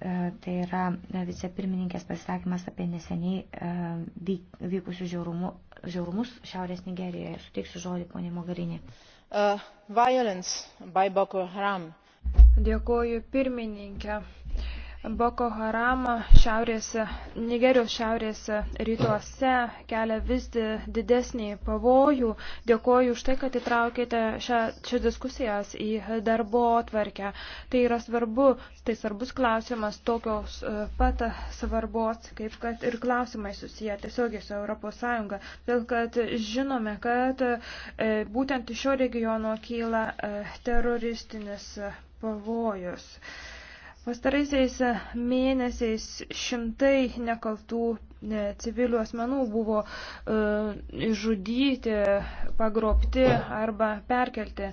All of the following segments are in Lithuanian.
E, tai yra e, vicepirmininkės pasisakymas apie neseniai e, vykusius žiaurumų, žiaurumus Šiaurės Nigerijoje. Suteiksiu žodį poniai Mogarinė. Uh, Dėkoju pirmininkė. Boko Haramą šiaurės, Nigerijos šiaurės rytuose kelia vis didesnį pavojų. Dėkoju už tai, kad įtraukėte šias diskusijas į darbo atvarkę. Tai yra svarbu, tai svarbus klausimas tokios e, pat svarbos, kaip kad ir klausimai susiję tiesiogiai su Europos Sąjunga. Dėl kad žinome, kad e, būtent iš šio regiono kyla e, teroristinis pavojus. Pastaraisiais e, mėnesiais šimtai nekaltų e, civilių asmenų buvo e, žudyti, pagrobti arba perkelti.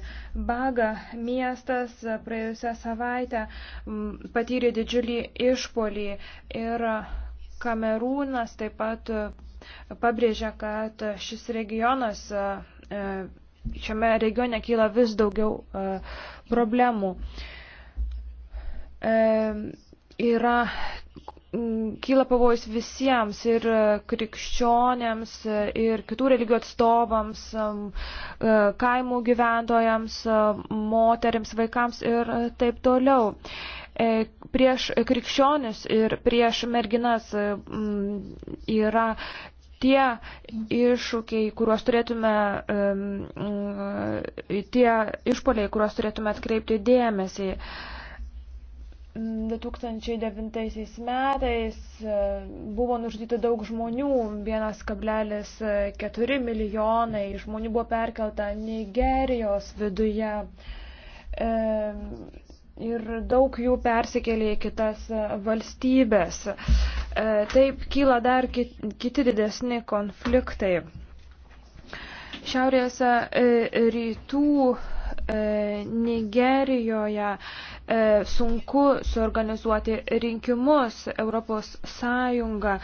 Baga miestas praėjusią savaitę patyrė didžiulį išpolį ir Kamerūnas taip pat pabrėžia, kad šis regionas, šiame regione kyla vis daugiau problemų. E, yra kyla pavojus visiems ir krikščionėms, e, ir kitų religijų atstovams, e, kaimų gyventojams, moteriams, vaikams ir taip toliau. Prieš krikščionis ir prieš merginas yra tie iššūkiai, kuriuos turėtume, tie išpoliai, kuriuos turėtume atkreipti dėmesį. 2009 metais e, buvo nužudyta daug žmonių, 1,4 milijonai žmonių buvo perkelta Nigerijos viduje e, ir daug jų persikėlė į kitas e, valstybės. Taip kyla dar kiti didesni konfliktai. Šiaurės rytų E, Nigerijoje e, sunku suorganizuoti rinkimus. Europos Sąjunga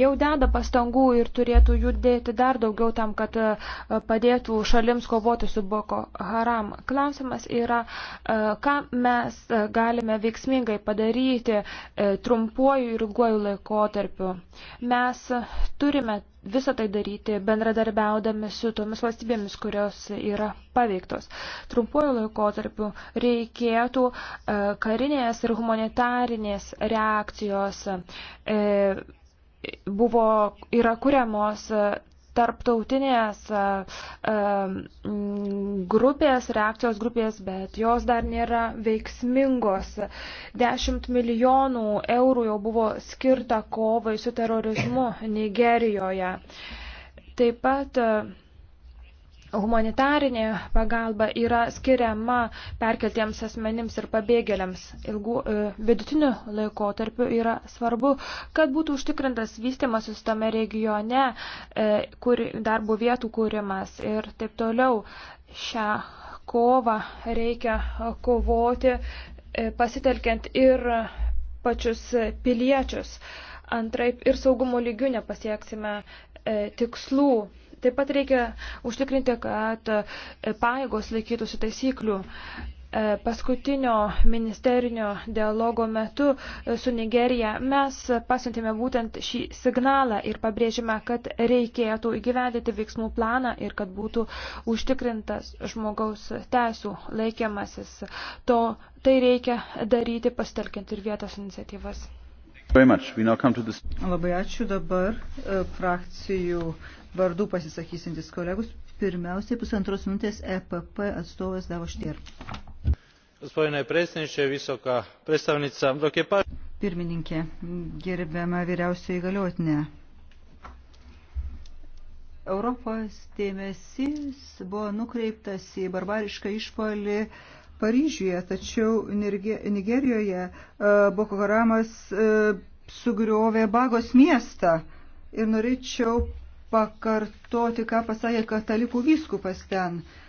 jau deda pastangų ir turėtų judėti dar daugiau tam, kad e, padėtų šalims kovoti su Boko Haram. Klausimas yra, ką mes galime veiksmingai padaryti trumpuoju ir ilguoju laikotarpiu. Mes turime visą tai daryti bendradarbiaudami su tomis valstybėmis, kurios yra paveiktos. Trumpuoju laikotarpiu reikėtų e, karinės ir humanitarinės reakcijos. E, buvo, yra kuriamos tarptautinės grupės, reakcijos grupės, bet jos dar nėra veiksmingos. 10 milijonų eurų jau buvo skirta kovai su terorizmu Nigerijoje. Taip pat Humanitarinė pagalba yra skiriama perkeltiems asmenims ir pabėgėliams. Ilgų e, vidutiniu laikotarpiu yra svarbu, kad būtų užtikrintas vystimas tame regione, e, kur darbo vietų kūrimas ir taip toliau. Šią kovą reikia kovoti e, pasitelkiant ir pačius piliečius. Antraip ir saugumo lygių nepasieksime tikslų Taip pat reikia užtikrinti, kad e, pajėgos laikytųsi taisyklių. E, paskutinio ministerinio dialogo metu e, su Nigerija mes pasiuntėme būtent šį signalą ir pabrėžime, kad reikėtų įgyvendyti veiksmų planą ir kad būtų užtikrintas žmogaus teisų laikiamasis. To tai reikia daryti pasitelkiant ir vietos iniciatyvas. Labai ačiū dabar e, frakcijų vardų pasisakysintis kolegus. Pirmiausiai pusantros minutės EPP atstovas Davo Štier. Gospodine predsjedniče, visoka predstavnica, dok je pa... Pirmininkė, gerbiama vyriausioji galiotinė. Europos dėmesys buvo nukreiptas į barbarišką išpolį Paryžiuje, tačiau Nigerijoje e, Boko Haramas e, sugriovė Bagos miestą. Ir norėčiau pakartoti, ką pasakė katalikų vyskupas ten. Uh,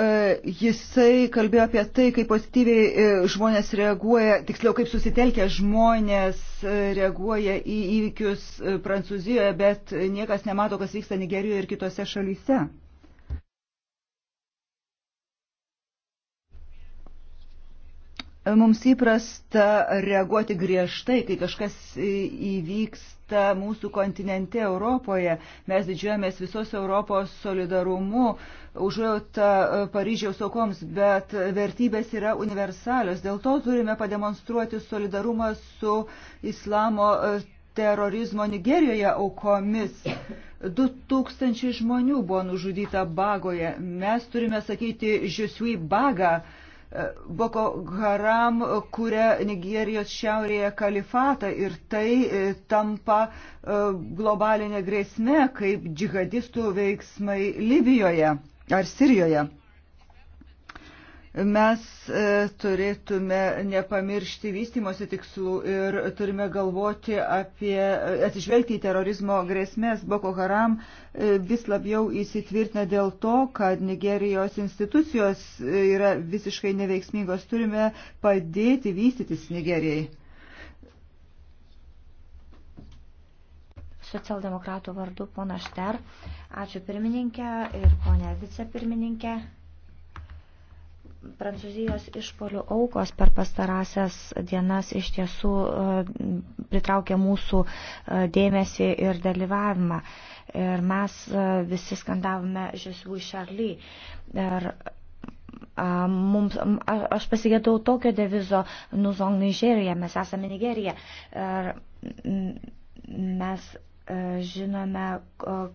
E, jisai kalbėjo apie tai, kaip pozityviai e, žmonės reaguoja, tiksliau kaip susitelkę žmonės e, reaguoja į įvykius Prancūzijoje, bet niekas nemato, kas vyksta Nigerijoje ir kitose šalyse. Mums įprasta reaguoti griežtai, kai kažkas įvyksta mūsų kontinente Europoje. Mes didžiuojamės visos Europos solidarumu, užuojauta e, Paryžiaus aukoms, bet vertybės yra universalios. Dėl to turime pademonstruoti solidarumą su islamo e, terorizmo Nigerijoje aukomis. 2000 žmonių buvo nužudyta bagoje. Mes turime sakyti, žiusui bagą Boko Haram kuria Nigerijos šiaurėje kalifatą ir tai e, tampa e, globalinė grėsme kaip džihadistų veiksmai Libijoje ar Sirijoje. Mes e, turėtume nepamiršti vystimosi tikslų ir turime galvoti apie, atsižvelgti į terorizmo grėsmės. Boko Haram e, vis labiau įsitvirtina dėl to, kad Nigerijos institucijos yra visiškai neveiksmingos. Turime padėti vystytis Nigerijai. Socialdemokratų vardu pona Šter. Ačiū pirmininkė ir ponė vicepirmininkė. Prancūzijos išpolių aukos per pastarąsias dienas iš tiesų e, pritraukė mūsų e, dėmesį ir dalyvavimą. Ir mes e, visi skandavome Žesvų Šarly. Ir mums, aš pasigėdau tokio devizo Nuzong Nigerija, mes esame Nigerija. Ir mes E, žinome,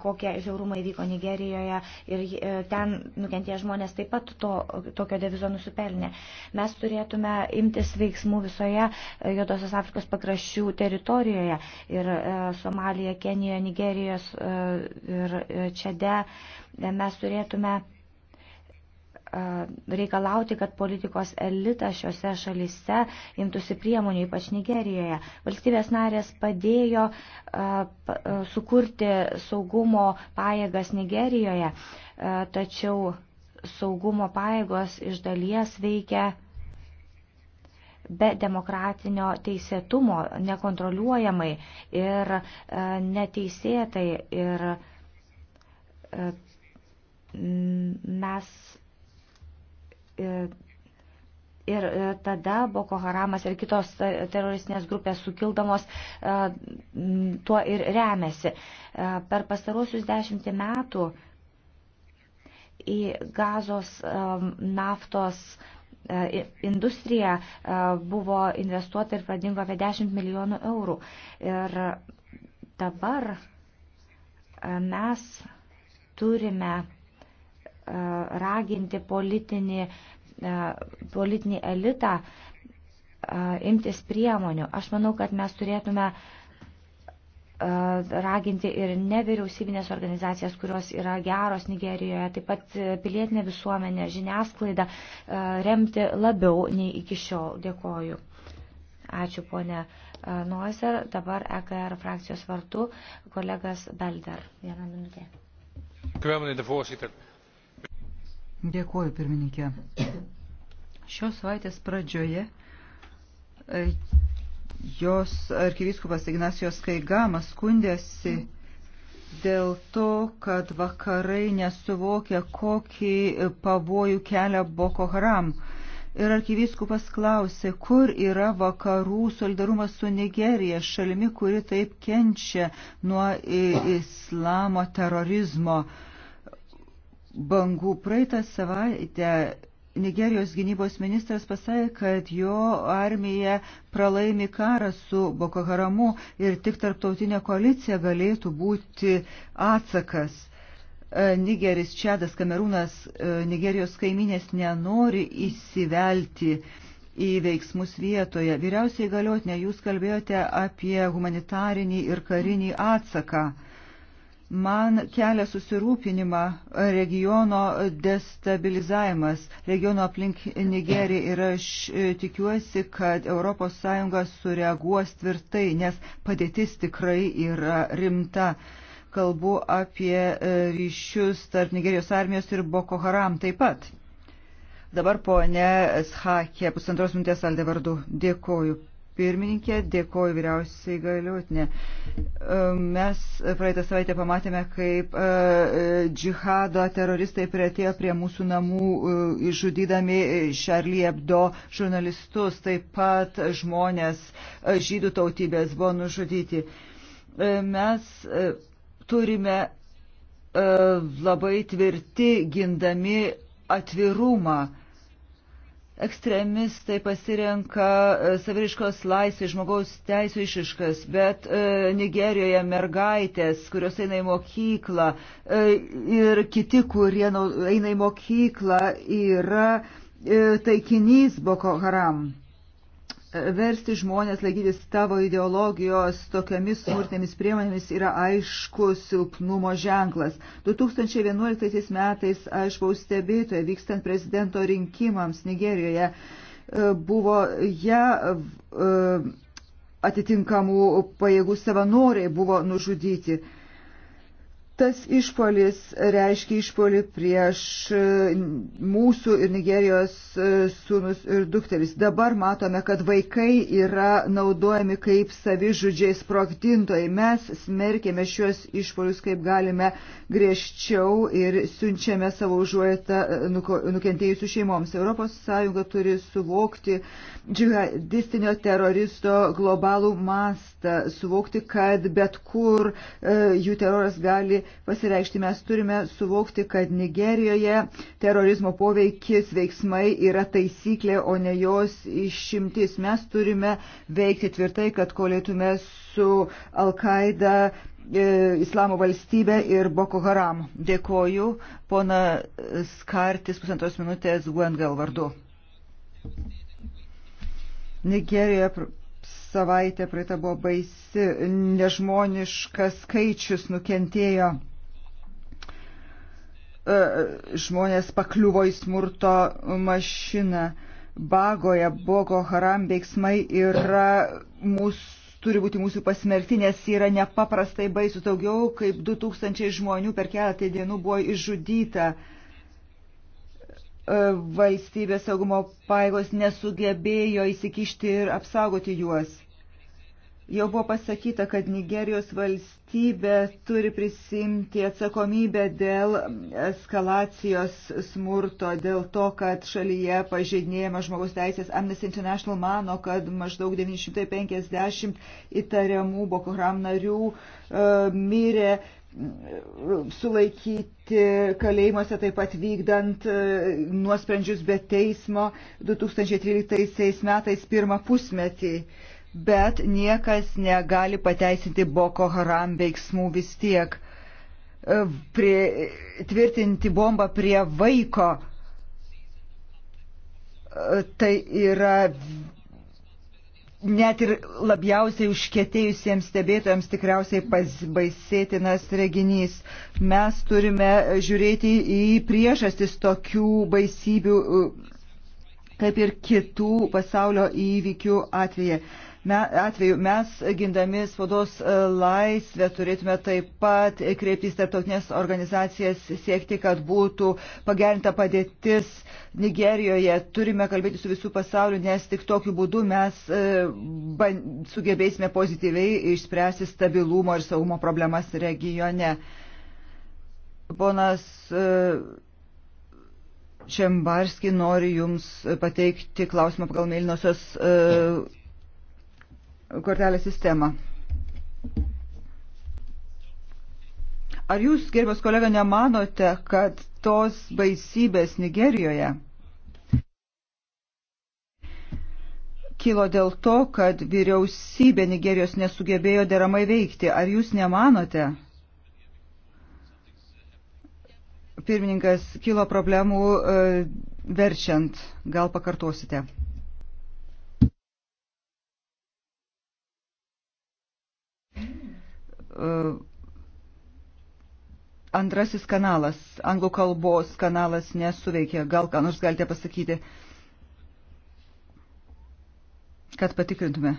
kokie žiaurumai vyko Nigerijoje ir e, ten nukentie žmonės taip pat to, tokio devizo nusipelnė. Mes turėtume imtis veiksmų visoje e, Jodosios Afrikos pakraščių teritorijoje ir Somalija, Kenija, Nigerijos ir Čede. Mes turėtume reikalauti, kad politikos elitas šiuose šalyse imtųsi priemonių, ypač Nigerijoje. Valstybės narės padėjo sukurti saugumo pajėgas Nigerijoje, tačiau saugumo pajėgos iš dalies veikia be demokratinio teisėtumo, nekontroliuojamai ir e, neteisėtai. Ir e, mes E, ir e, tada Boko Haramas ir kitos teroristinės grupės sukildamos e, tuo ir remiasi. Per pastaruosius dešimtį metų į gazos naftos industrija buvo investuota ir pradingo apie 10 milijonų eurų. Ir dabar mes turime raginti politinį, e, politinį elitą e, imtis priemonių. Aš manau, kad mes turėtume e, raginti ir nevyriausybinės organizacijas, kurios yra geros Nigerijoje, taip pat pilietinė visuomenė, žiniasklaida remti labiau nei iki šiol. Dėkoju. Ačiū, ponė Noiser. Dabar EKR frakcijos vartų kolegas Belder. Vieną minutę. Kvėmonė, voorzitter. Dėkuoju, pirmininkė. Šios savaitės pradžioje e, jos arkivyskupas Ignacijos Kaigamas skundėsi dėl to, kad vakarai nesuvokia, kokį pavojų kelia Boko Haram. Ir arkivyskupas klausė, kur yra vakarų solidarumas su Nigerija, šalimi, kuri taip kenčia nuo islamo terorizmo. Uh, bangų. Praeitą savaitę Nigerijos gynybos ministras pasakė, kad jo armija pralaimi karą su Boko Haramu ir tik tarptautinė koalicija galėtų būti atsakas. E, Nigeris, Čedas, Kamerūnas, e, Nigerijos kaiminės nenori įsivelti į veiksmus vietoje. Vyriausiai galiotinė, jūs kalbėjote apie humanitarinį ir karinį atsaką. Man kelia susirūpinimą regiono destabilizavimas, regiono aplink Nigeriją ir aš e, tikiuosi, kad ES sureaguos tvirtai, nes padėtis tikrai yra rimta. Kalbu apie e, ryšius tarp Nigerijos armijos ir Boko Haram taip pat. Dabar ponė Schakė, pusantros minties Alde vardu. Dėkoju, pirmininkė, dėkoju vyriausiai galiutinė. E, mes praeitą savaitę pamatėme, kaip e, džihado teroristai prieatėjo prie mūsų namų, e, išžudydami Charlie Hebdo žurnalistus, taip pat žmonės žydų tautybės buvo nužudyti. Mes turime labai tvirti gindami atvirumą ekstremistai pasirenka e, saviriškos laisvės žmogaus teisų išiškas, bet e, Nigerijoje mergaitės, kurios eina į mokyklą e, ir kiti, kurie eina į mokyklą, yra e, taikinys Boko Haram versti žmonės laikytis tavo ideologijos tokiamis smurtinėmis priemonėmis yra aiškus silpnumo ženklas. 2011 metais aš buvau stebėtoja vykstant prezidento rinkimams Nigerijoje. E, buvo ja e, atitinkamų pajėgų savanoriai buvo nužudyti. Tas išpolis reiškia išpolį prieš e, mūsų ir Nigerijos e, sūnus ir dukteris. Dabar matome, kad vaikai yra naudojami kaip savižudžiai sprogdintojai. Mes smerkėme šiuos išpolius kaip galime griežčiau ir siunčiame savo užuojatą e, nukentėjusių šeimoms. ES turi suvokti džihadistinio teroristo globalų mastą, suvokti, kad bet kur jų teroras gali pasireikšti. Mes turime suvokti, kad Nigerijoje terorizmo poveikis veiksmai yra taisyklė, o ne jos išimtis. Mes turime veikti tvirtai, kad kolėtume su Al-Qaeda. E, Islamo valstybė ir Boko Haram. Dėkoju, pona Skartis, pusantros minutės Guengal vardu. Nigerijoje savaitė praeita buvo baisi, nežmoniškas skaičius nukentėjo. E, žmonės pakliuvo į smurto mašiną. Bagoje Boko Haram veiksmai yra mūsų turi būti mūsų pasmerkti, nes yra nepaprastai baisu. Daugiau kaip 2000 žmonių per keletą dienų buvo išžudyta. E, valstybės saugumo paėgos nesugebėjo įsikišti ir apsaugoti juos. Jau buvo pasakyta, kad Nigerijos valstybė turi prisimti atsakomybę dėl eskalacijos smurto, dėl to, kad šalyje pažeidinėjama žmogaus teisės. Amnesty International mano, kad maždaug 950 įtariamų Boko Haram narių e, mirė sulaikyti kalėjimuose, taip pat vykdant e, nuosprendžius be teismo 2013 metais pirmą pusmetį. E, bet niekas negali pateisinti Boko Haram veiksmų vis tiek. E, prie, tvirtinti bombą prie vaiko e, tai yra net ir labiausiai užkėtėjusiems stebėtojams tikriausiai baisėtinas reginys. Mes turime žiūrėti į priežastis tokių baisybių e, kaip ir kitų pasaulio įvykių atveju atveju mes, gindami spaudos e, laisvę, turėtume taip pat kreiptis tarptautinės organizacijas, siekti, kad būtų pagerinta padėtis Nigerijoje. Turime kalbėti su visų pasauliu, nes tik tokiu būdu mes e, sugebėsime pozityviai išspręsti stabilumo ir saugumo problemas regione. Ponas Čembarski e, nori Jums pateikti klausimą pagal Mėlynosios. E, kortelės sistemą. Ar jūs, gerbiamas kolega, nemanote, kad tos baisybės Nigerijoje kilo dėl to, kad vyriausybė Nigerijos nesugebėjo deramai veikti? Ar jūs nemanote? Pirmininkas, kilo problemų e, verčiant. Gal pakartosite? E, antrasis kanalas, anglų kalbos kanalas nesuveikė. Gal ką nors galite pasakyti, kad patikrintume.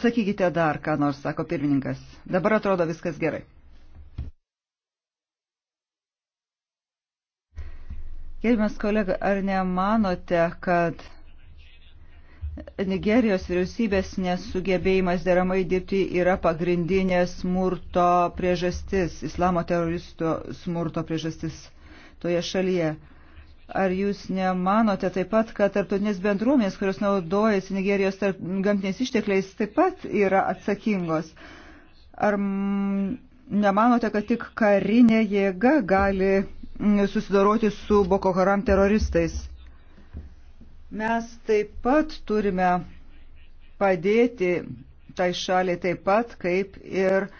Pirmininkas, sakykite dar, ką nors sako pirmininkas. Dabar atrodo viskas gerai. Gerbiamas kolega, ar nemanote, kad Nigerijos vyriausybės nesugebėjimas deramai dirbti yra pagrindinė smurto priežastis, islamo teroristų smurto priežastis toje šalyje? Ar jūs nemanote taip pat, kad tarptautinės bendruomenės, kurios naudojasi Nigerijos gamtiniais ištekliais, taip pat yra atsakingos? Ar nemanote, kad tik karinė jėga gali susidoroti su Boko Haram teroristais? Mes taip pat turime padėti tai šaliai taip pat, kaip ir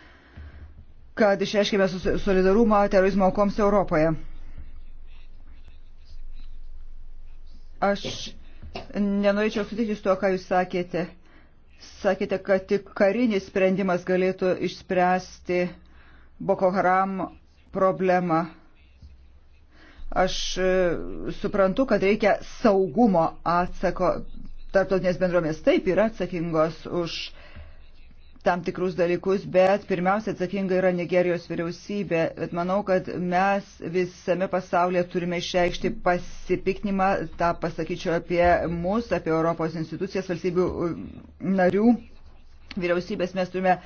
kad išreiškime solidarumą terorizmo aukoms Europoje. Aš nenorėčiau sutikti su to, ką jūs sakėte. Sakėte, kad tik karinis sprendimas galėtų išspręsti Boko Haram problemą. Aš e, suprantu, kad reikia saugumo atsako tarptautinės bendruomės. Taip yra atsakingos už tam tikrus dalykus, bet pirmiausia atsakinga yra Nigerijos vyriausybė. Bet manau, kad mes visame pasaulyje turime išreikšti pasipiknimą, tą pasakyčiau apie mus, apie Europos institucijas, valstybių um, narių vyriausybės. Mes turime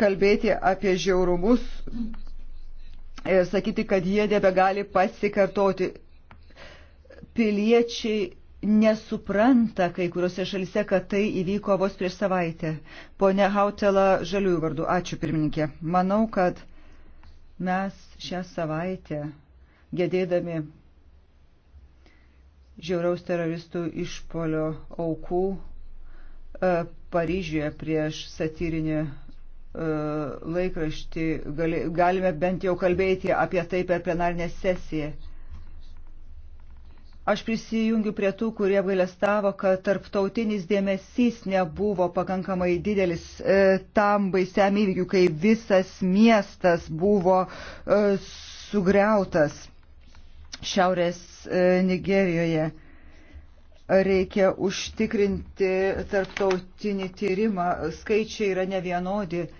kalbėti apie žiaurumus ir sakyti, kad jie nebegali pasikartoti. Piliečiai nesupranta kai kuriuose šalise, kad tai įvyko vos prieš savaitę. Pone Hautela, žaliųjų vardu, ačiū pirmininkė. Manau, kad mes šią savaitę gedėdami žiauriaus teroristų išpolio aukų e, Paryžiuje prieš satyrinį e, laikraštį galime bent jau kalbėti apie tai per plenarinę sesiją. Aš prisijungiu prie tų, kurie apgailestavo, kad tarptautinis dėmesys nebuvo pakankamai didelis e, tam baisiam įvykiu, kai visas miestas buvo e, sugriautas šiaurės e, Nigerijoje. Reikia užtikrinti tarptautinį tyrimą. Skaičiai yra nevienodi. E,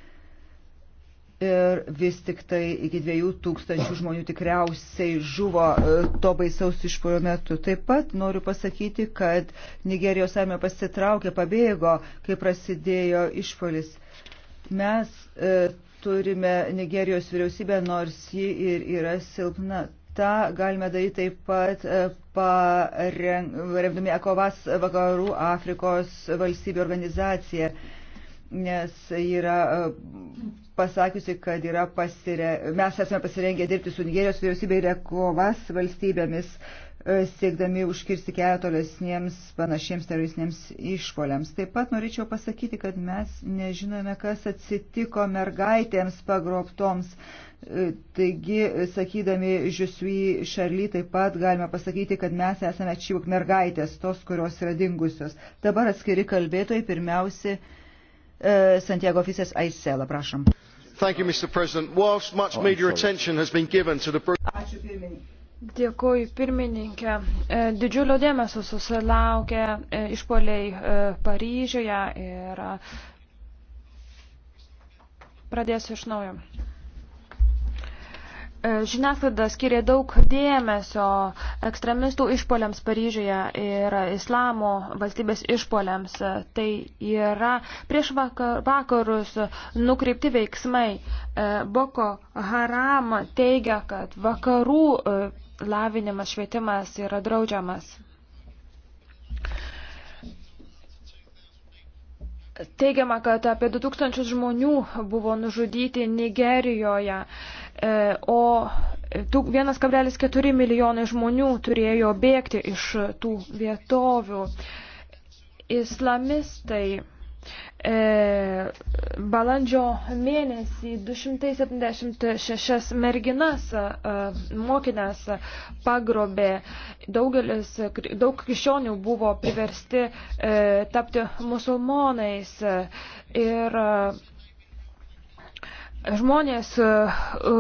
ir vis tik tai iki 2000 žmonių tikriausiai žuvo e, to baisaus išpuolio metu. Taip pat noriu pasakyti, kad Nigerijos armija pasitraukė, pabėgo, kai prasidėjo išpuolis. Mes e, turime Nigerijos vyriausybę, nors ji ir yra silpna. Ta galime daryti taip pat e, paremdami ECOVAS vakarų Afrikos valstybių organizaciją. E, nes yra e, pasakiusi, kad yra pasire... mes esame pasirengę dirbti su Nigerijos vyriausybė ir kovas valstybėmis, e, siekdami užkirsti kelią tolesniems panašiems teroristiniams išpoliams. Taip pat norėčiau pasakyti, kad mes nežinome, kas atsitiko mergaitėms pagroptoms. E, taigi, sakydami Žiusui Šarly, taip pat galime pasakyti, kad mes esame čiūk mergaitės, tos, kurios yra dingusios. Dabar atskiri kalbėtojai pirmiausiai E, Santiago Fisės Aisela, prašom. You, Mr. President. Whilst much oh, media attention has been given to the... Ačiū pirmininkai. Dėkuoju pirmininkė. E, didžiulio dėmesio susilaukė e, išpoliai Paryžiuje ir pradėsiu iš naujo. E, žiniasklaida skiria daug dėmesio ekstremistų išpoliams Paryžiuje ir islamo valstybės išpoliams. E, tai yra prieš vakarus nukreipti veiksmai. E, Boko Haram teigia, kad vakarų lavinimas, švietimas yra draudžiamas. Teigiama, kad apie 2000 žmonių buvo nužudyti Nigerijoje. E, o 1,4 milijonai žmonių turėjo bėgti iš tų vietovių. Islamistai e, balandžio mėnesį 276 merginas e, mokinės pagrobė. Daugelis, daug krikščionių buvo priversti e, tapti musulmonais ir e, Žmonės, e, e,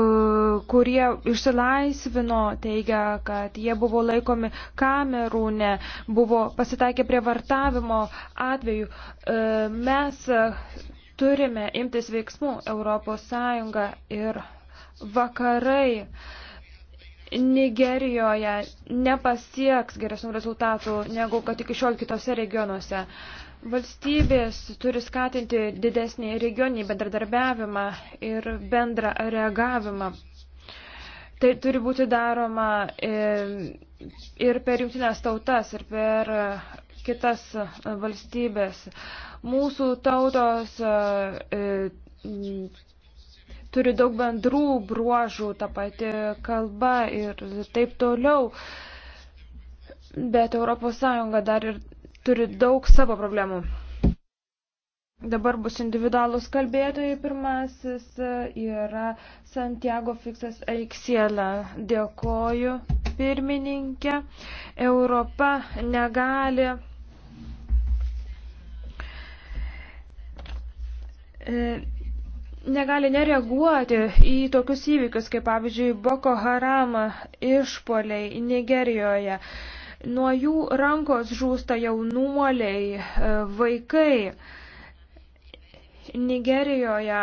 kurie išsilaisvino, teigia, kad jie buvo laikomi kamerūne, buvo pasitaikę prie vartavimo atveju. E, mes turime imtis veiksmų Europos Sąjunga ir vakarai. Nigerijoje nepasieks geresnių rezultatų negu kad iki šiol kitose regionuose. Uh, Valstybės turi skatinti didesnį regioninį bendradarbiavimą ir bendrą reagavimą. Tai turi būti daroma e, ir per jungtinės tautas, ir per kitas valstybės. Mūsų tautos e, turi daug bendrų bruožų, ta pati kalba ir taip toliau. Bet ES dar ir turi daug savo problemų. Dabar bus individualus kalbėtojai. Pirmasis e, yra Santiago Fiksas Aiksėla. Dėkoju, pirmininkė. Europa negali. E, negali nereaguoti į tokius įvykius, kaip pavyzdžiui Boko Haram išpoliai Nigerijoje. E, Nuo jų rankos žūsta jaunuoliai, e, vaikai. Nigerijoje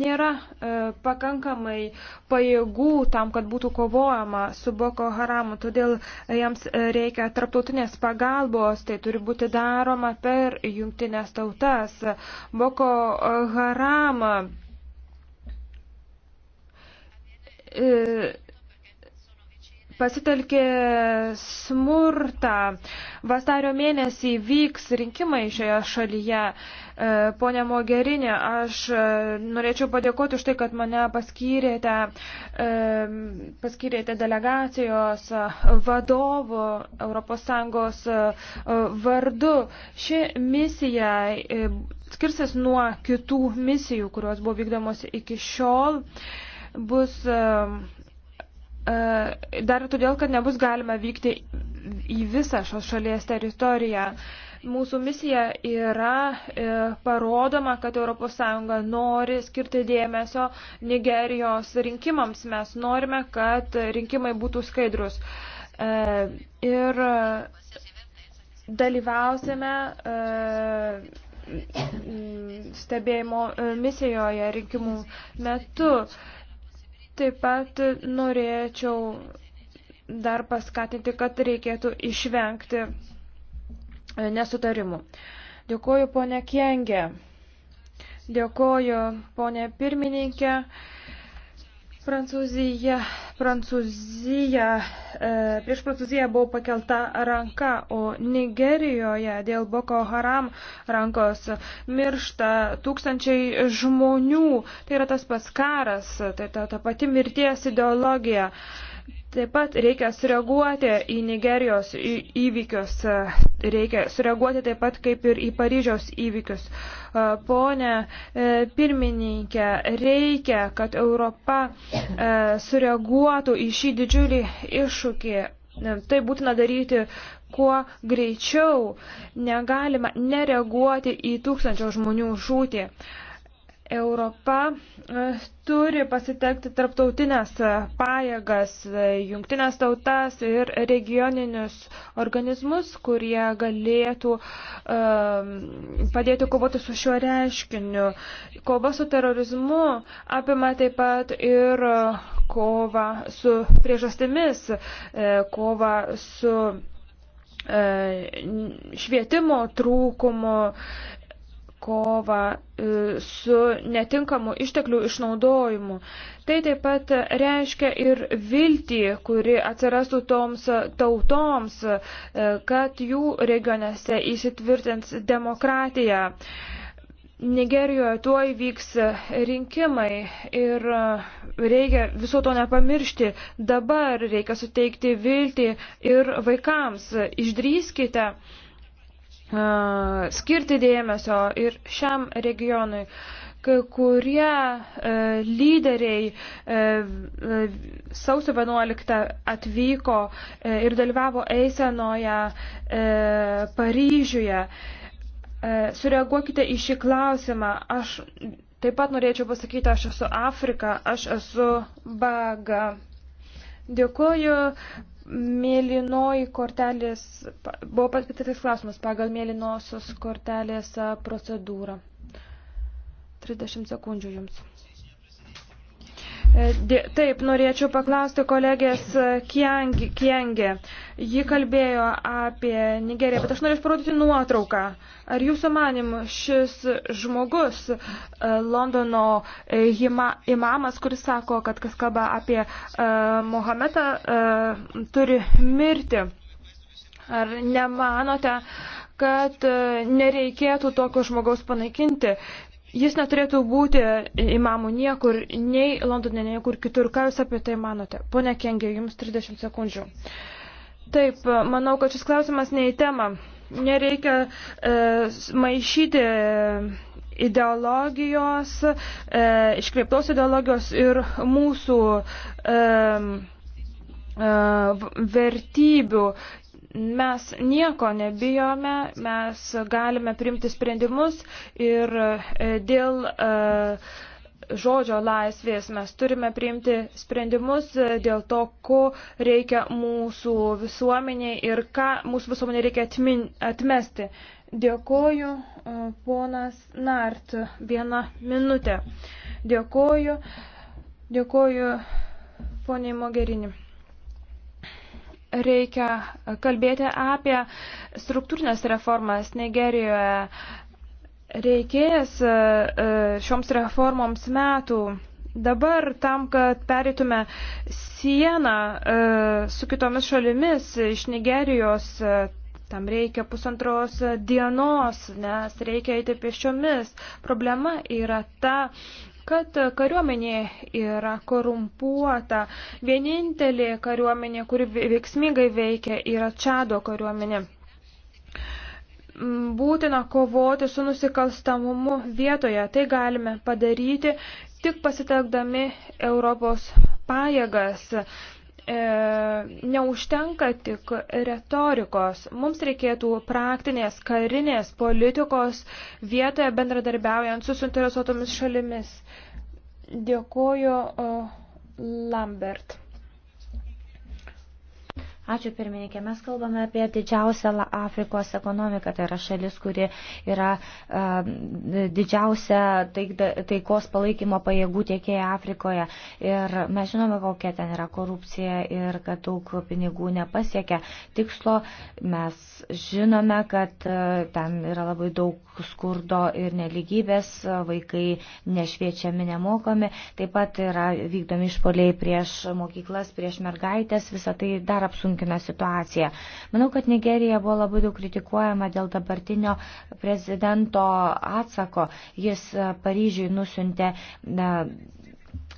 nėra e, pakankamai pajėgų tam, kad būtų kovojama su Boko Haramu, todėl jiems e, reikia tarptautinės pagalbos, tai turi būti daroma per jungtinės tautas. Boko Haram e, pasitelkė smurtą. Vasario mėnesį vyks rinkimai šioje šalyje. E, Pone Mogerinė, aš e, norėčiau padėkoti už tai, kad mane paskyrėte, e, paskyrėte delegacijos vadovų ES vardu. Ši misija skirsis nuo kitų misijų, kurios buvo vykdomos iki šiol bus E, dar todėl, kad nebus galima vykti į visą šios šalies teritoriją. Mūsų misija yra e, parodoma, kad ES nori skirti dėmesio Nigerijos rinkimams. Mes norime, kad rinkimai būtų skaidrus. E, ir dalyvausime stebėjimo misijoje rinkimų metu. Taip pat norėčiau dar paskatinti, kad reikėtų išvengti nesutarimų. Dėkuoju, ponė Kengė. Dėkuoju, ponė pirmininkė. Prancūzija, Prancūzija, e, prieš Prancūziją buvo pakelta ranka, o Nigerijoje dėl Boko Haram rankos miršta tūkstančiai žmonių. Tai yra tas pats karas, tai ta, ta pati mirties ideologija. E, Taip pat reikia sureaguoti į Nigerijos įvykius, reikia sureaguoti taip pat kaip ir į Paryžiaus įvykius. Pone e, pirmininkė, reikia, kad Europa e, sureaguotų į šį didžiulį iššūkį. E, tai būtina daryti kuo greičiau. Negalima nereaguoti į tūkstančio žmonių žūtį. Europa e, turi pasitekti tarptautinės pajėgas, e, jungtinės tautas ir regioninius organizmus, kurie galėtų e, padėti kovoti su šiuo reiškiniu. Kova su terorizmu apima taip pat ir kova su priežastimis, kova su švietimo trūkumu kovą e, su netinkamu išteklių išnaudojimu. Tai taip pat reiškia ir viltį, kuri atsirastų toms tautoms, e, kad jų regionuose įsitvirtins demokratija. Nigerijoje tuo įvyks rinkimai ir e, reikia viso to nepamiršti. Dabar reikia suteikti viltį ir vaikams. Išdryskite skirti dėmesio ir šiam regionui. Kai kurie e, lyderiai e, sausio 11 atvyko e, ir dalyvavo eisenoje e, Paryžiuje. E, sureaguokite į šį klausimą. Aš taip pat norėčiau pasakyti, aš esu Afrika, aš esu Baga. Dėkuoju Mėlynoji kortelės, buvo patiktas klausimas pagal mėlynosios kortelės procedūrą. 30 sekundžių jums. E, taip, norėčiau paklausti kolegės e, Kiengė. Ji kalbėjo apie Nigeriją, bet aš norėčiau parodyti nuotrauką. Ar jūsų manim šis žmogus, e, Londono imamas, kuris sako, kad kas kalba apie Mohametą, turi mirti? Ar nemanote, kad nereikėtų tokio žmogaus panaikinti? Jis neturėtų būti imamų niekur, nei Londone, nei kur kitur. Ką Jūs apie tai manote? Pone Kengė, Jums 30 sekundžių. Taip, manau, kad šis klausimas ne į temą. Nereikia e, maišyti e, ideologijos, e, iškreiptos ideologijos ir mūsų e, e vertybių. Mes nieko nebijome, mes galime primti sprendimus ir e, dėl e, žodžio laisvės mes turime priimti sprendimus e, dėl to, ko reikia mūsų visuomeniai ir ką mūsų visuomeniai reikia atmin, atmesti. Dėkoju, ponas Nart, vieną minutę. Dėkoju, dėkoju, poniai Mogerini reikia kalbėti apie struktūrinės reformas Nigerijoje. Reikės e, šioms reformoms metų. Dabar tam, kad perėtume sieną e, su kitomis šalimis iš Nigerijos, e, tam reikia pusantros dienos, nes reikia eiti pėsčiomis. Problema yra ta, kad kariuomenė yra korumpuota. Vienintelė kariuomenė, kuri veiksmingai veikia, yra Čado kariuomenė. Mm, būtina kovoti su nusikalstamumu vietoje. Tai galime padaryti tik pasitekdami Europos pajėgas e, neužtenka tik retorikos. Mums reikėtų praktinės karinės politikos vietoje bendradarbiaujant su suinteresuotomis šalimis. Dėkuoju Lambert. Ačiū pirmininkė. Mes kalbame apie didžiausią Afrikos ekonomiką. Tai yra šalis, kuri yra uh, didžiausia taikda, taikos palaikymo pajėgų tiekėja Afrikoje. Ir mes žinome, kokia ten yra korupcija ir kad daug pinigų nepasiekia tikslo. Mes žinome, kad uh, ten yra labai daug skurdo ir neligybės. Vaikai nešviečiami, nemokomi. Taip pat yra vykdomi išpoliai prieš mokyklas, prieš mergaitės. Visą tai dar apsunkina pagerinkime situaciją. Manau, kad Nigerija buvo labai daug kritikuojama dėl dabartinio prezidento atsako. Jis e, Paryžiui nusiuntė. Na,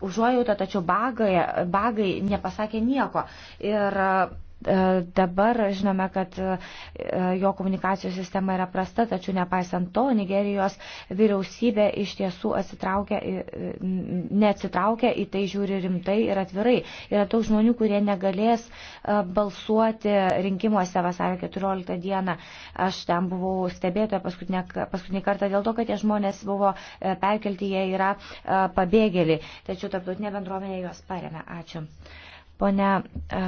užuojautą, tačiau bagai, bagai nepasakė nieko. Ir e, Dabar žinome, kad e, jo komunikacijos sistema yra prasta, tačiau nepaisant to, Nigerijos vyriausybė iš tiesų atsitraukia, neatsitraukia, į tai žiūri rimtai ir atvirai. Yra daug žmonių, kurie negalės e, balsuoti rinkimuose vasario 14 dieną. Aš ten buvau stebėtoja paskutinį, paskutinį kartą dėl to, kad tie žmonės buvo e, perkelti, jie yra pabėgėliai. Tačiau tarptautinė bendruomenė juos paremė. Ačiū. Pone e,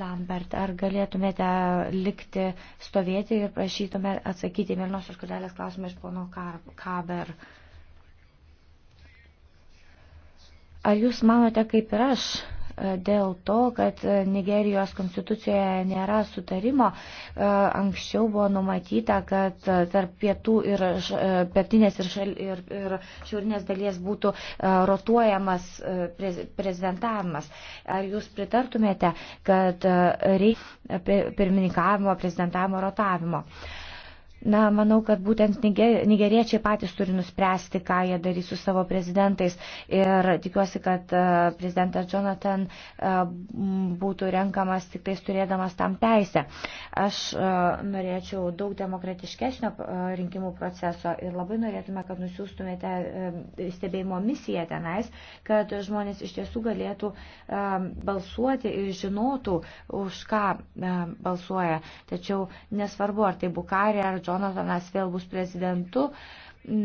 Lambert, ar galėtumėte likti stovėti ir prašytume atsakyti į Milnosios kodelės klausimą iš pono Kaber? Ar jūs manote kaip ir aš? dėl to, kad Nigerijos konstitucijoje nėra sutarimo. E, anksčiau buvo numatyta, kad tarp pietų ir e, pietinės ir, šal, ir, ir šiaurinės dalies būtų e, rotuojamas prezidentavimas. Ar jūs pritartumėte, kad reikia pirmininkavimo, prezidentavimo, rotavimo? Na, manau, kad būtent nigeriečiai patys turi nuspręsti, ką jie darys su savo prezidentais. Ir tikiuosi, kad e, prezidentas Jonathan e, būtų renkamas tik tais turėdamas tam teisę. Aš e, norėčiau daug demokratiškesnio rinkimų proceso ir labai norėtume, kad nusiųstumėte stebėjimo misiją tenais, kad žmonės iš tiesų galėtų balsuoti ir žinotų, už ką balsuoja. Tačiau nesvarbu, ar tai Bukarė ar Jonathan. Donaldanas vėl bus prezidentu,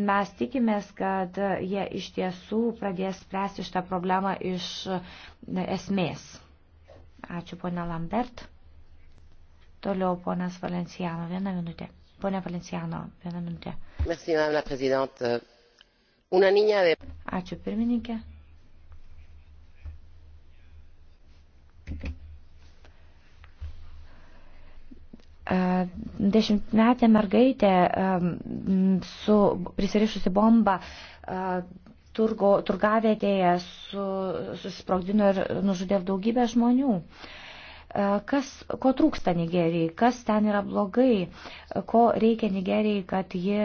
mes tikimės, kad jie iš tiesų pradės spręsti šitą problemą iš e, esmės. Ačiū, ponia Lambert. Toliau, ponas Valenciano, vieną minutę. Pone Valenciano, vieną minutę. Merci, Ačiū, pirmininkė. E, Dešimtmetė mergaitė e, su prisirišusi bombą e, turgo, turgavietėje su, susisprogdino ir nužudė daugybę žmonių. Kas, ko trūksta Nigerijai, kas ten yra blogai, ko reikia Nigerijai, kad ji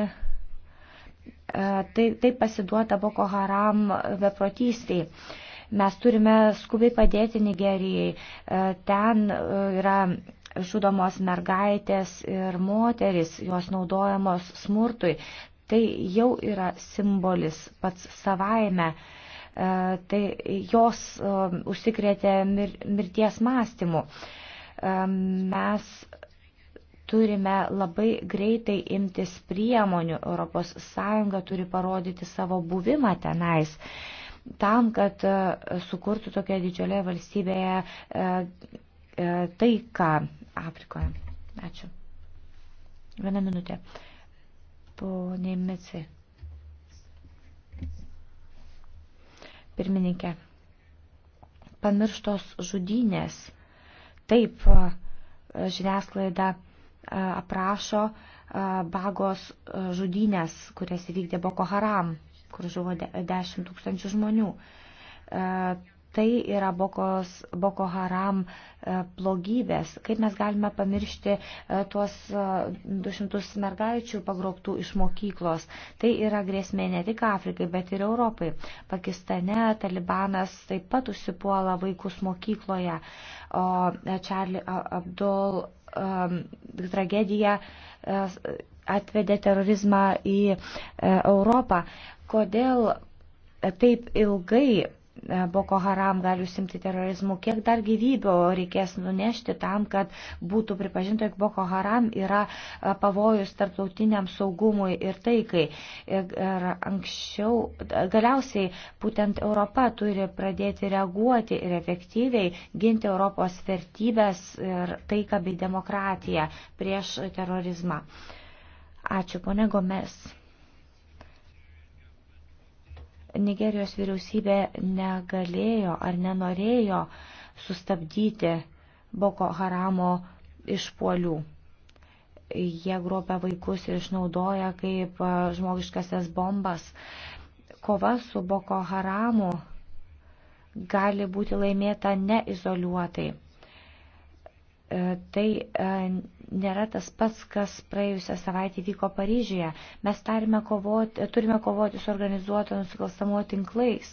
taip tai pasiduota Boko Haram beprotystiai mes turime skubiai padėti Nigerijai. Ten yra žudomos mergaitės ir moteris, jos naudojamos smurtui. Tai jau yra simbolis pats savaime. E, tai jos e, užsikrėtė mir, mirties mąstymu. E, mes turime labai greitai imtis priemonių. ES turi parodyti savo buvimą tenais. Tam, kad sukurtų tokia didžiulė valstybėje E, taiką Afrikoje. Ačiū. Vieną minutę. Pone Mici. Pirmininkė. Pamirštos žudynės. Taip, e, žiniasklaida e, aprašo bagos žudynės, kurias įvykdė Boko Haram, kur žuvo 10 tūkstančių žmonių Tai yra Bokos, Boko Haram e, blogybės. Kaip mes galime pamiršti e, tuos 200 e, mergaičių pagrobtų iš mokyklos. Tai yra grėsmė ne tik Afrikai, bet ir Europai. Pakistane Talibanas taip pat užsipuola vaikus mokykloje, o Charlie Abdul um, tragedija atvedė terorizmą į Europą. Kodėl taip ilgai Boko Haram gali užsimti terorizmu, kiek dar gyvybių reikės nunešti tam, kad būtų pripažinta, jog Boko Haram yra e, pavojus tarptautiniam saugumui ir taikai. Ir anksčiau, e, galiausiai būtent Europa turi pradėti reaguoti ir efektyviai ginti Europos vertybės ir taiką bei demokratiją prieš terorizmą. Ačiū, ponė Gomes. Nigerijos vyriausybė negalėjo ar nenorėjo sustabdyti Boko Haramo išpolių. Jie grobia vaikus ir išnaudoja kaip žmogiškasias bombas. Kova su Boko Haramu gali būti laimėta neizoliuotai. E, tai e, nėra tas pats, kas praėjusią savaitę vyko Paryžiuje. Mes kovoti, turime kovoti su organizuoto nusikalstamo tinklais.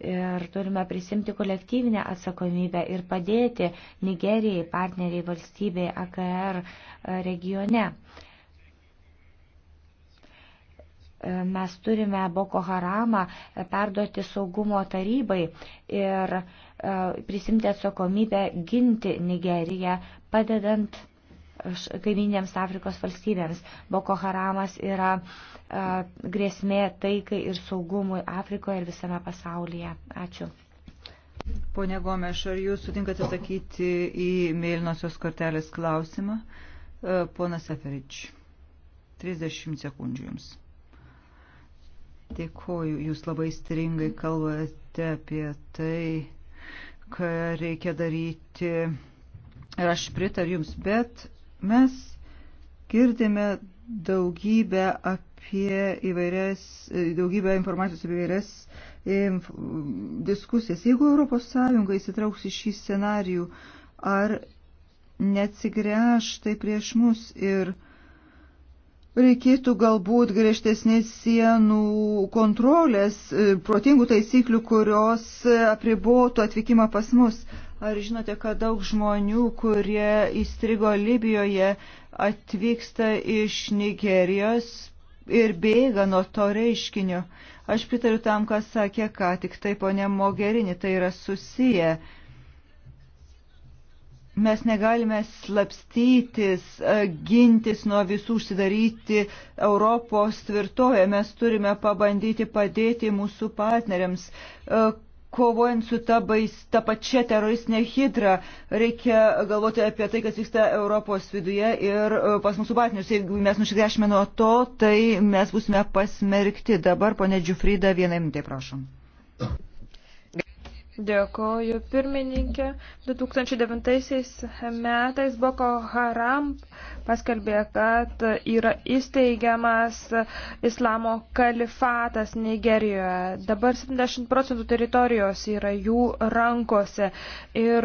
Ir turime prisimti kolektyvinę atsakomybę ir padėti Nigerijai, partneriai valstybei AKR e, regione. E, mes turime Boko Haramą e, perduoti saugumo tarybai ir prisimti atsakomybę ginti Nigeriją padedant kaiminėms Afrikos valstybėms. Boko Haramas yra a, grėsmė taikai ir saugumui Afrikoje ir visame pasaulyje. Ačiū. Pone Gomeš, ar jūs sutinkate atsakyti į mėlynosios kortelės klausimą? Ponas Eferič, 30 sekundžių jums. Dėkoju, jūs labai stringai kalbate apie tai, ką reikia daryti ir aš pritariu jums, bet mes girdime daugybę apie įvairias, e, daugybę informacijos apie įvairias e, diskusijas. Jeigu ES įsitrauks į šį scenarijų, ar neatsigręš tai prieš mus ir Reikėtų galbūt griežtesnės sienų kontrolės, protingų taisyklių, kurios apribotų atvykimą pas mus. Ar žinote, kad daug žmonių, kurie įstrigo Libijoje, atvyksta iš Nigerijos ir bėga nuo to reiškinio? Aš pritariu tam, kas sakė, ką tik tai ponė Mogerini, tai yra susiję. Uh, mes negalime slapstytis, e, gintis nuo visų užsidaryti Europos tvirtoje. Mes turime pabandyti padėti mūsų partneriams. E, kovojant su ta, bais, ta pačia teroristinė hidra, reikia galvoti apie tai, kas vyksta Europos viduje ir e, pas mūsų partnerius. Jeigu mes nušigrėšime nuo to, tai mes būsime pasmerkti. Dabar, ponė Džiufrida, vieną minutę, prašom. Dėkoju pirmininkė. 2009 metais Boko Haram paskelbė, kad yra įsteigiamas islamo kalifatas Nigerijoje. Dabar 70 procentų teritorijos yra jų rankose ir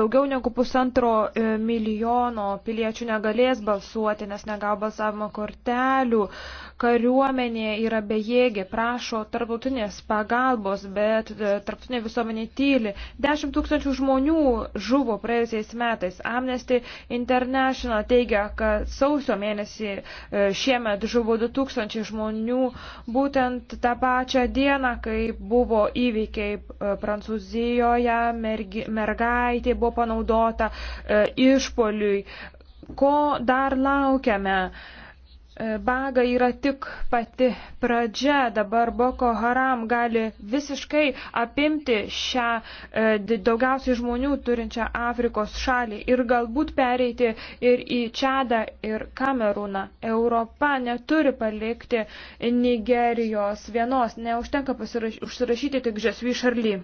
daugiau negu pusantro milijono piliečių negalės balsuoti, nes negavo balsavimo kortelių. Kariuomenė yra bejėgė, prašo tarptautinės pagalbos, bet tarptautinė visuomenė netyli. Dešimt tūkstančių žmonių žuvo praėjusiais metais. Amnesty International teigia, kad sausio mėnesį e, šiemet žuvo 2000 žmonių būtent tą pačią dieną, kai buvo įvykiai e, Prancūzijoje, mergi, mergaitė buvo panaudota e, išpoliui. Ko dar laukiame? baga yra tik pati pradžia, dabar Boko Haram gali visiškai apimti šią e, daugiausiai žmonių turinčią Afrikos šalį ir galbūt pereiti ir į Čadą ir Kamerūną. Europa neturi palikti Nigerijos vienos, neužtenka užsirašyti tik Žesvi Šarly.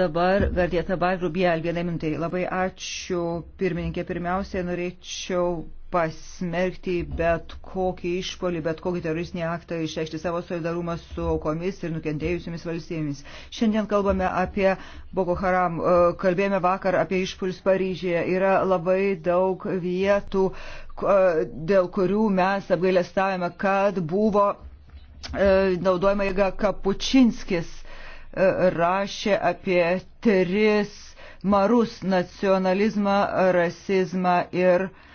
Dabar Gardėta Bar Rubiel, vieną minutę. Labai ačiū pirmininkė. Pirmiausiai norėčiau pasmerkti bet kokį išpolį, bet kokį teroristinį aktą, išreikšti savo solidarumą su aukomis ir nukentėjusiamis valstybėmis. Šiandien kalbame apie Boko Haram, e, kalbėjome vakar apie išpolius Paryžėje. Yra labai daug vietų, e, dėl kurių mes apgailestavome, kad buvo e, naudojama jėga Kapučinskis rašė apie tris marus nacionalizmą, rasizmą ir uh,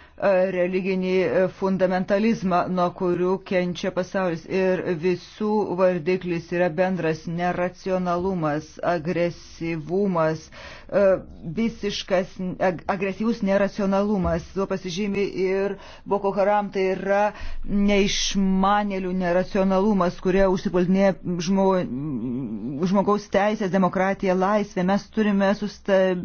religinį fundamentalizmą, nuo kurių kenčia pasaulis. Ir visų vardiklis yra bendras neracionalumas, agresyvumas, E, visiškas agresyvus neracionalumas. Tuo pasižymi ir Boko Haram, tai yra neišmanėlių neracionalumas, kurie užsipuldinėja žmo, žmogaus teisės, demokratiją, laisvę. Mes turime sustab...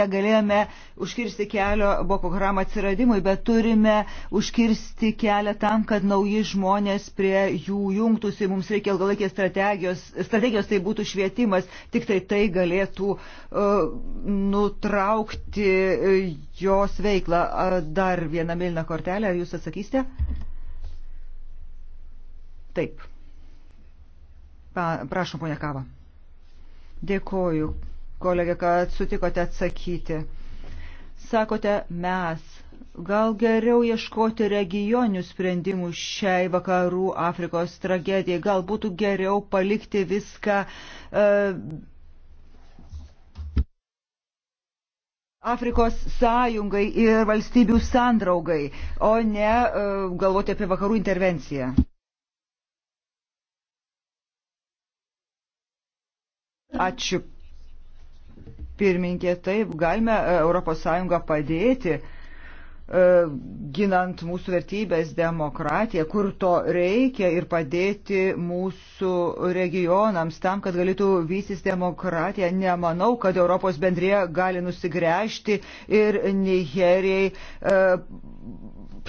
negalėjome užkirsti kelio Boko Haram atsiradimui, bet turime užkirsti kelią tam, kad nauji žmonės prie jų jungtųsi. Mums reikia ilgalaikės strategijos. Strategijos tai būtų švietimas, tik tai tai galėtų uh, E, nutraukti e, jos veiklą. Dar vieną mėlyną kortelę, ar jūs atsakysite? Taip. Prašom, ponia Kava. Dėkoju, kolegė, kad sutikote atsakyti. Sakote, mes Gal geriau ieškoti regionių sprendimų šiai vakarų Afrikos tragedijai, gal būtų geriau palikti viską e, Afrikos sąjungai ir valstybių sandraugai, o ne e, galvoti apie vakarų intervenciją. Ačiū. Pirminkė, taip, galime ES padėti E, ginant mūsų vertybės demokratiją, kur to reikia ir padėti mūsų regionams tam, kad galėtų vysis demokratija. Nemanau, kad Europos bendrėje gali nusigręžti ir Nigerijai e,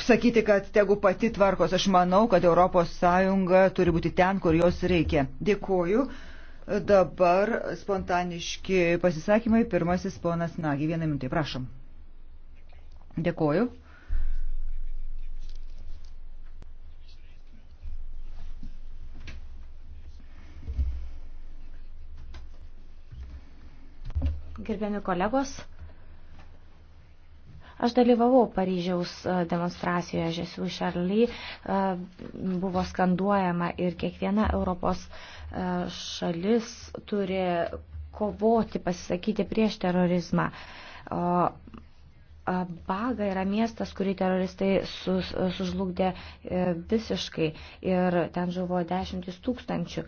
sakyti, kad tegu pati tvarkos. Aš manau, kad Europos Sąjunga turi būti ten, kur jos reikia. Dėkuoju. Dabar spontaniški pasisakymai. Pirmasis ponas Nagy. Vieną minutę, prašom. Dėkoju. Gerbiami kolegos, aš dalyvavau Paryžiaus e, demonstracijoje Žesių Šarly, e, buvo skanduojama ir kiekviena Europos e, šalis turi kovoti, pasisakyti prieš terorizmą. O Baga yra miestas, kurį teroristai sus, sužlugdė e, visiškai ir ten žuvo dešimtis tūkstančių.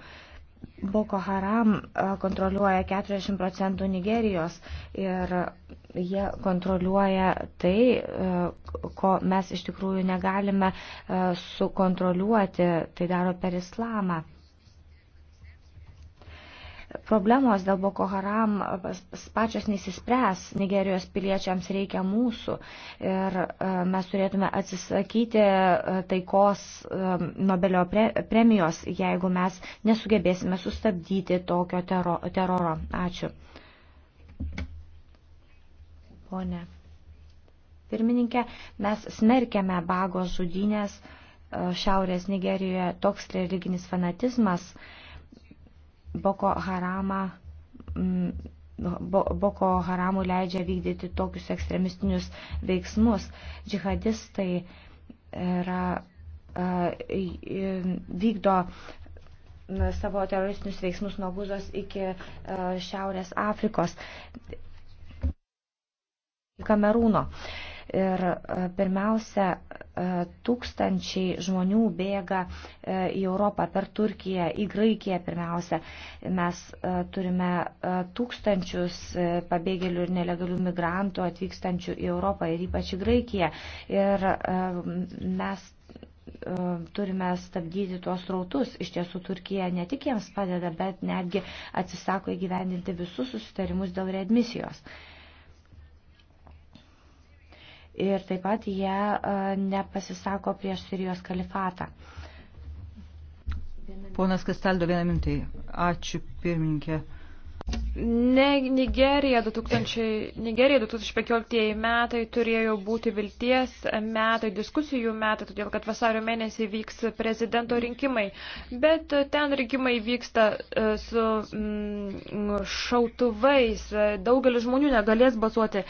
Boko Haram e, kontroliuoja 40 procentų Nigerijos ir jie kontroliuoja tai, e, ko mes iš tikrųjų negalime sukontroliuoti, tai daro per islamą. Problemos dėl Boko Haram pačios neįsispręs, Nigerijos piliečiams reikia mūsų ir e, mes turėtume atsisakyti e, taikos e, Nobelio premijos, jeigu mes nesugebėsime sustabdyti tokio tero, teroro. Ačiū. Pone. Pirmininkė, mes smerkiame bagos žudynės Šiaurės Nigerijoje toks religinis fanatizmas Boko Haramą. Mm, Boko Haramų leidžia vykdyti tokius ekstremistinius veiksmus. Džihadistai yra, e, vykdo savo teroristinius veiksmus nuo Guzos iki e, Šiaurės Afrikos, Kamerūno. Ir e, pirmiausia, e, tūkstančiai žmonių bėga e, į Europą per Turkiją, į Graikiją pirmiausia. Mes turime tūkstančius pabėgėlių ir nelegalių migrantų atvykstančių į Europą ir ypač į Graikiją. Ir mes turime stabdyti tuos rautus. Iš tiesų Turkija ne tik jiems padeda, bet netgi atsisako įgyvendinti visus susitarimus dėl readmisijos ir taip pat jie e, nepasisako prieš Sirijos kalifatą. Ponas Kastaldo, vieną mintį. Ačiū pirmininkė. Ne, Nigerija, 2000, Nigerija 2015 metai turėjo būti vilties metai, diskusijų metai, todėl kad vasario mėnesį vyks prezidento rinkimai. Bet ten rinkimai vyksta e, su mm, šautuvais, daugelis žmonių negalės balsuoti,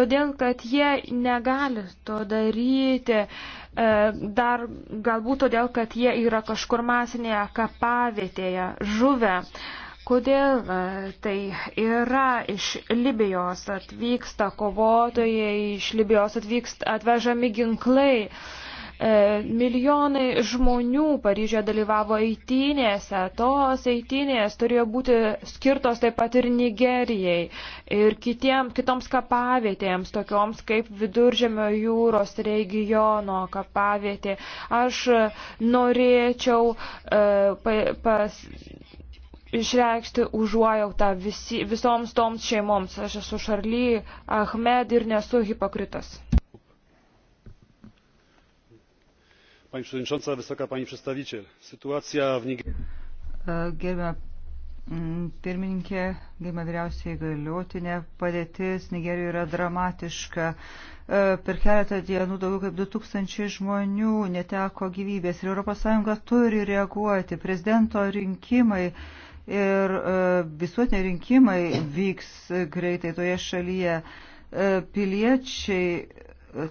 todėl kad jie negali to daryti. E, dar galbūt todėl, kad jie yra kažkur masinėje kapavietėje žuvę. Uh, Kodėl e, tai yra iš Libijos atvyksta kovotojai, iš Libijos atvyksta atvežami ginklai. E, milijonai žmonių Paryžioje dalyvavo eitynėse, tos eitynės turėjo būti skirtos taip pat ir Nigerijai ir kitiem, kitoms kapavietėms, tokioms kaip Viduržemio jūros regiono kapavietė. Aš norėčiau uh, pas išreikšti užuojautą visi, visoms toms šeimoms. Aš esu Šarly, Ahmed ir nesu hipokritas. Pani Przewodnicząca, Wysoka Pani Przedstawiciel, sytuacja w Nigerii. E, gerbima mm, pirmininkė, gerbima vyriausiai galiotinė, padėtis Nigerijoje yra dramatiška. E, per keletą dienų daugiau kaip 2000 žmonių neteko gyvybės ir ES turi reaguoti. Prezidento rinkimai ir e, visuotiniai rinkimai vyks greitai toje šalyje. E, piliečiai e,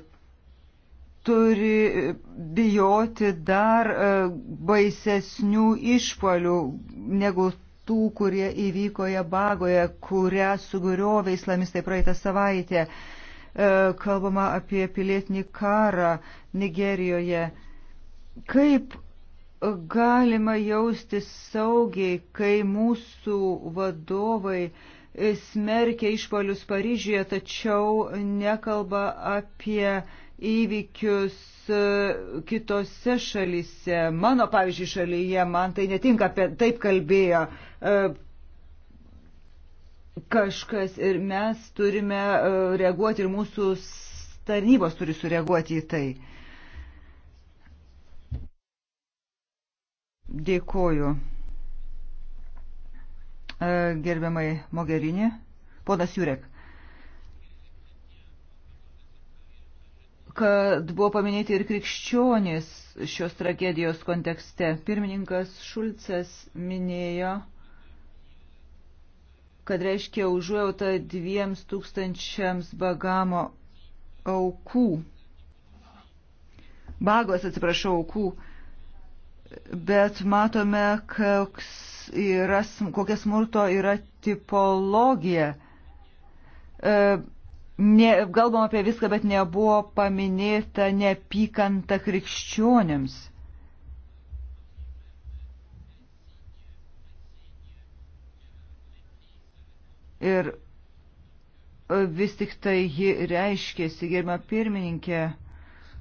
turi bijoti dar baisesnių išpolių negu tų, kurie įvyko Jabagoje, kurią sugriovė islamistai praeitą savaitę. Kalbama apie pilietinį karą Nigerijoje. Kaip galima jaustis saugiai, kai mūsų vadovai smerkia išpolius Paryžiuje, tačiau nekalba apie įvykius e, kitose šalyse. Mano, pavyzdžiui, šalyje man tai netinka, apie, taip kalbėjo e, kažkas ir mes turime e, reaguoti ir mūsų tarnybos turi sureaguoti į tai. Dėkoju. E, gerbiamai Mogerinė. Ponas Jurek. kad buvo paminėti ir krikščionys šios tragedijos kontekste. Pirmininkas Šulcas minėjo, kad reiškia užuojautą dviems tūkstančiams bagamo aukų. Bagos, atsiprašau, aukų bet matome, koks yra, kokia smurto yra tipologija. E, ne, galbam apie viską, bet nebuvo paminėta neapykanta krikščionėms. Ir e, vis tik tai ji reiškėsi, germa pirmininkė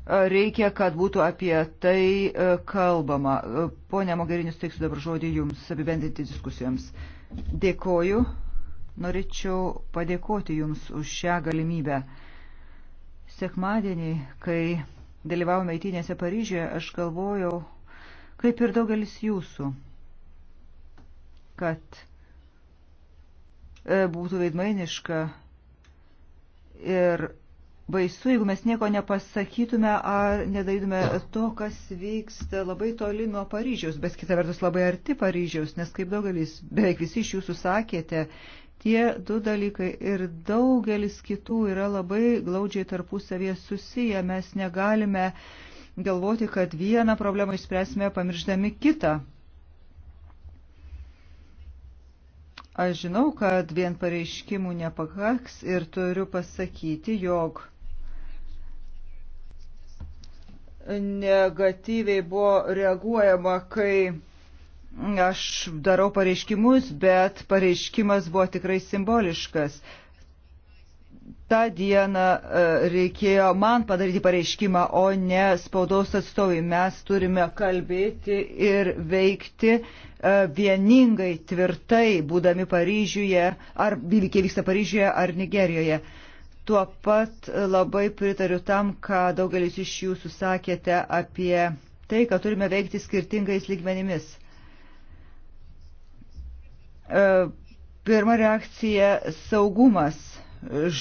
reikia, kad būtų apie tai e, kalbama. E, Pone Mogerinis, teiksiu dabar žodį Jums apibendinti diskusijoms. Dėkoju. Norėčiau padėkoti Jums už šią galimybę. Sekmadienį, kai dalyvavome įtynėse Paryžioje, aš galvojau, kaip ir daugelis Jūsų, kad e, būtų veidmainiška ir baisu, jeigu mes nieko nepasakytume ar nedarytume to, kas vyksta labai toli nuo Paryžiaus, bet kita vertus labai arti Paryžiaus, nes kaip daugelis, beveik visi iš jūsų sakėte, tie du dalykai ir daugelis kitų yra labai glaudžiai tarpusavėje susiję, mes negalime galvoti, kad vieną problemą išspręsime pamirždami kitą. Aš žinau, kad vien pareiškimų nepakaks ir turiu pasakyti, jog negatyviai buvo reaguojama, kai aš darau pareiškimus, bet pareiškimas buvo tikrai simboliškas. Ta diena e, reikėjo man padaryti pareiškimą, o ne spaudos atstovai. Mes turime kalbėti ir veikti e, vieningai, tvirtai, būdami Paryžiuje, ar įvykiai vyksta Paryžiuje ar Nigerijoje. Tuo pat labai pritariu tam, ką daugelis iš jūsų sakėte apie tai, kad turime veikti skirtingais lygmenimis. E, pirma reakcija - saugumas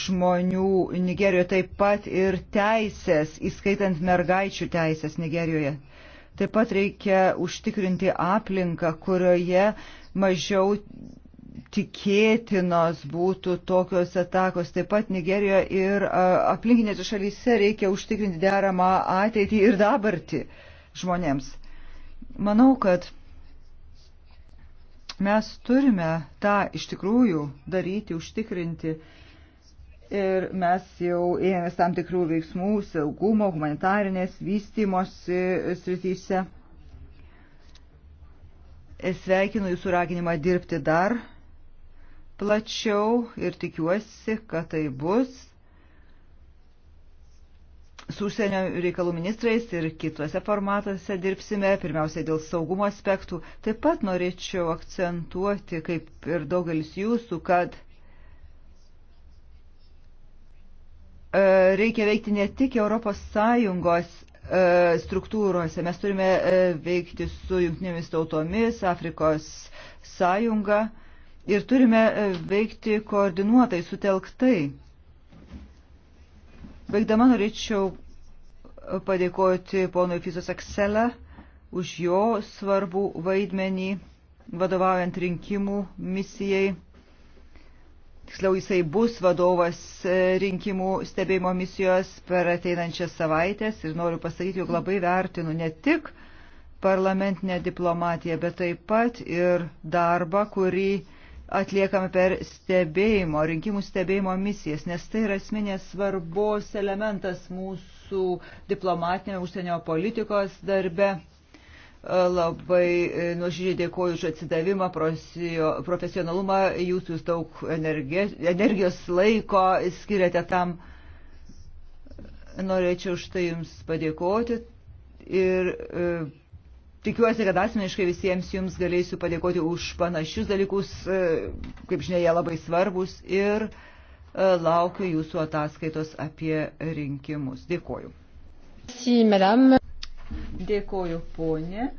žmonių Nigerijoje, taip pat ir teisės, įskaitant mergaičių teisės Nigerijoje. Taip pat reikia užtikrinti aplinką, kurioje mažiau tikėtinos būtų tokios atakos. Taip pat Nigerijoje ir aplinkinėse šalyse reikia užtikrinti deramą ateitį ir dabartį žmonėms. Manau, kad mes turime tą iš tikrųjų daryti, užtikrinti. Ir mes jau ėmėmės tam tikrų veiksmų saugumo, humanitarinės, vystymosi srityse. Sveikinu jūsų raginimą dirbti dar plačiau ir tikiuosi, kad tai bus su užsienio reikalų ministrais ir kitose formatuose dirbsime, pirmiausiai dėl saugumo aspektų. Taip pat norėčiau akcentuoti, kaip ir daugelis jūsų, kad e, reikia veikti ne tik Europos Sąjungos e, struktūrose. Mes turime e, veikti su jungtinėmis tautomis, Afrikos Sąjunga ir turime e, veikti koordinuotai, sutelktai. Baigdama norėčiau e, padėkoti ponui Fizos Akselą už jo svarbų vaidmenį vadovaujant rinkimų misijai. Tiksliau, jisai bus vadovas e, rinkimų stebėjimo misijos per ateinančias savaitės ir noriu pasakyti, jog labai vertinu ne tik parlamentinę diplomatiją, bet taip pat ir darbą, kurį atliekame per stebėjimo, rinkimų stebėjimo misijas, nes tai yra esminės svarbos elementas mūsų diplomatinėme užsienio politikos darbe. E, labai e, nuoširdžiai dėkoju už atsidavimą, profesionalumą, jūs jūs daug energijos laiko skiriate tam. Norėčiau už tai jums padėkoti ir e, Tikiuosi, kad asmeniškai visiems jums galėsiu padėkoti už panašius dalykus, e, kaip žinia, jie labai svarbus ir e, laukiu jūsų ataskaitos apie rinkimus. Dėkoju. Dėkoju, ponė.